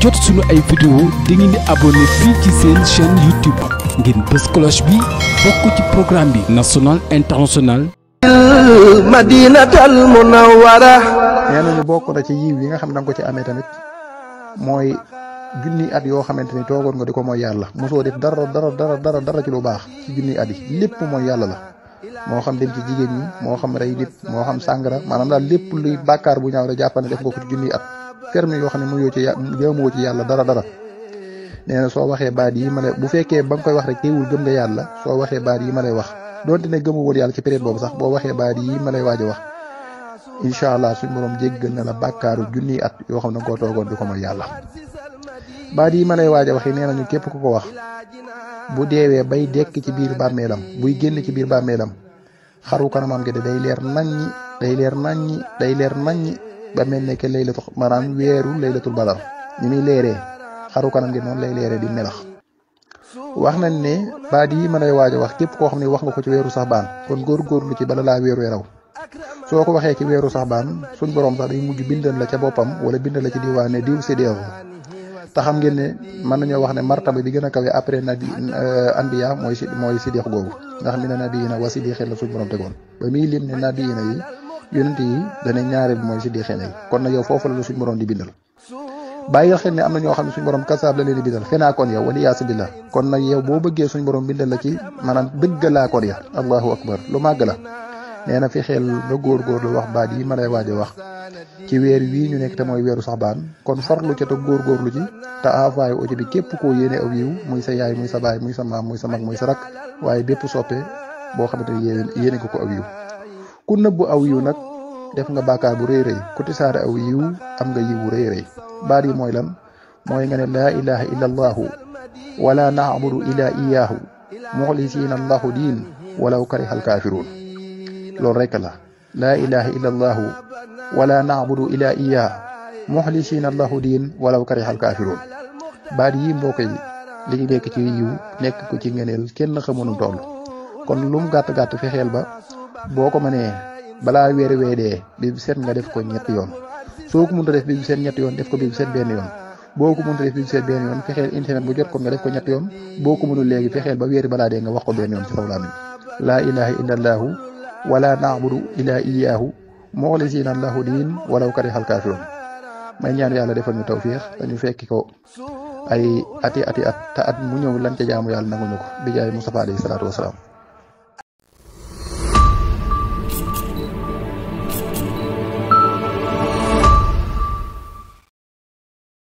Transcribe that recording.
jot suñu ay vidéo da ngeen di abonné fii ci seen chaîne YouTube ngeen bés cloche bi bokk ci programme bi national international madinatal munawwara nee nañu bokk na ci yiw yi nga xam da ko ci amee tamit mooy junni at yoo xamante ni toogoon nga di ko mooy yàlla mosoo def dara dara dara dara ci lu baax ci junni at yi lépp mooy yàlla la moo xam dem ci jigéen ñi moo xam rey nit moo xam sàngara maanaam daal lépp luy bàkkaar bu ñaaw rek jàppane de nga ko at terme yoo xam ne mu yoo ci jaamuwoo yàlla dara dara nee soo waxee baat yi ma lay bu fekkee ba koy wax rek teewul gëm nga yàlla soo waxee baat yi ma lay wax donte ne gëmu woon yàlla ci période boobu sax boo waxee baat yi ma lay waaj a wax incha allah suñu borom jéggal na la bàkkaaru junniy at yoo xam ne da nga koo toogoon di ko mooy yàlla. baat yi ma lay waaja a wax yi nee nañu képp ku ko wax bu deewee bay dekk ci biir bàmmeelam buy génn ci biir bàmmeelam xaru kanamam gi de day leer naññi day leer naññi day leer naññi. ba mel ne que laylatul maanaam weeru laylatul badar ni muy leeree xaru kanam gi noonu lay leeree di melax. wax nañ ne baat yi mën a waaj a wax képp koo xam ne wax nga ko ci weeru sax baan kon góorgóorlu ci bala laa weeru raw soo ko waxee ci weeru sax baan suñ borom sax day mujj bindal la ca boppam wala bindal la ci diwaan ne diw séddee te xam ngeen ne mën nañoo wax ne martaba bi gën a kawe après nabi euh, anbiya mooy si mooy siddiq googu ndax mi ne nabi yi na wa siddiqin la suñ borom tegoon ba muy lim ne yonenti yi dana ñaare bi moy ci di xene kon na yow fofu la suñu borom di bindal bàyyil xel ne am na ñoo xam ne borom kasaab la leen di bindal xenaa kon yow wali yaasa billah kon na yow bo beugé suñu borom bindal la ci manam dëgg la kon ya allahu akbar lu màgg la neena fi xel gor lu wax baat yi ma waji wax ci weer wi ñu nekk ta moy weeru saxbaan kon farlu gor gor lu ci te o ci bi kep ko yene aw yiw muy sa yaay muy sa baay muy sa maam muy sa mag muy sa rak waaye bepp soppé bo xamanteni yene ko ko aw yiw ku nëbbu aw yiw nag def nga bàkkaar bu rëy rëy ku aw yiw am nga yiw bu rëy rëy baat yi mooy lan mooy nga ne laa ilaha illa allahu wala naabudu ila iyaahu muxlisiina allahu diin walaw kariha alkaafiruun loolu rekk la laa ilaha illa allahu wala naabudu ila iyaah muxlisiina allahu diin walaw kariha alkaafiruun baat yi mbokk yi li ñu nekk ci yiw nekk ci ngeneel kenn xamu nu toll kon lum gàtt gàtt fexeel ba boo ko mënee balaa weer wee dee bis bu set nga def ko ñetti yoon soo ko mënta def bis bu set ñetti yoon def ko bis seet set benn yoon boo ko mënta def bis bu set benn yoon fexeel internet bu jot ko nga def ko ñetti yoon boo ko mënul léegi fexeel ba weer balaa dee nga wax ko benn yoon ci kaw laa laa ilaha illa allaahu wala naabudu ila iyaahu moxlisina allahu diin walaw karihal kaafiroon may ñaan yàlla defal ñu tawfiix dañu fekki ko ay ati ati at te at mu ñëw lan ca jaamu yàlla nanguñu ko bi jaay Mustafa alayhi salaatu wasalaam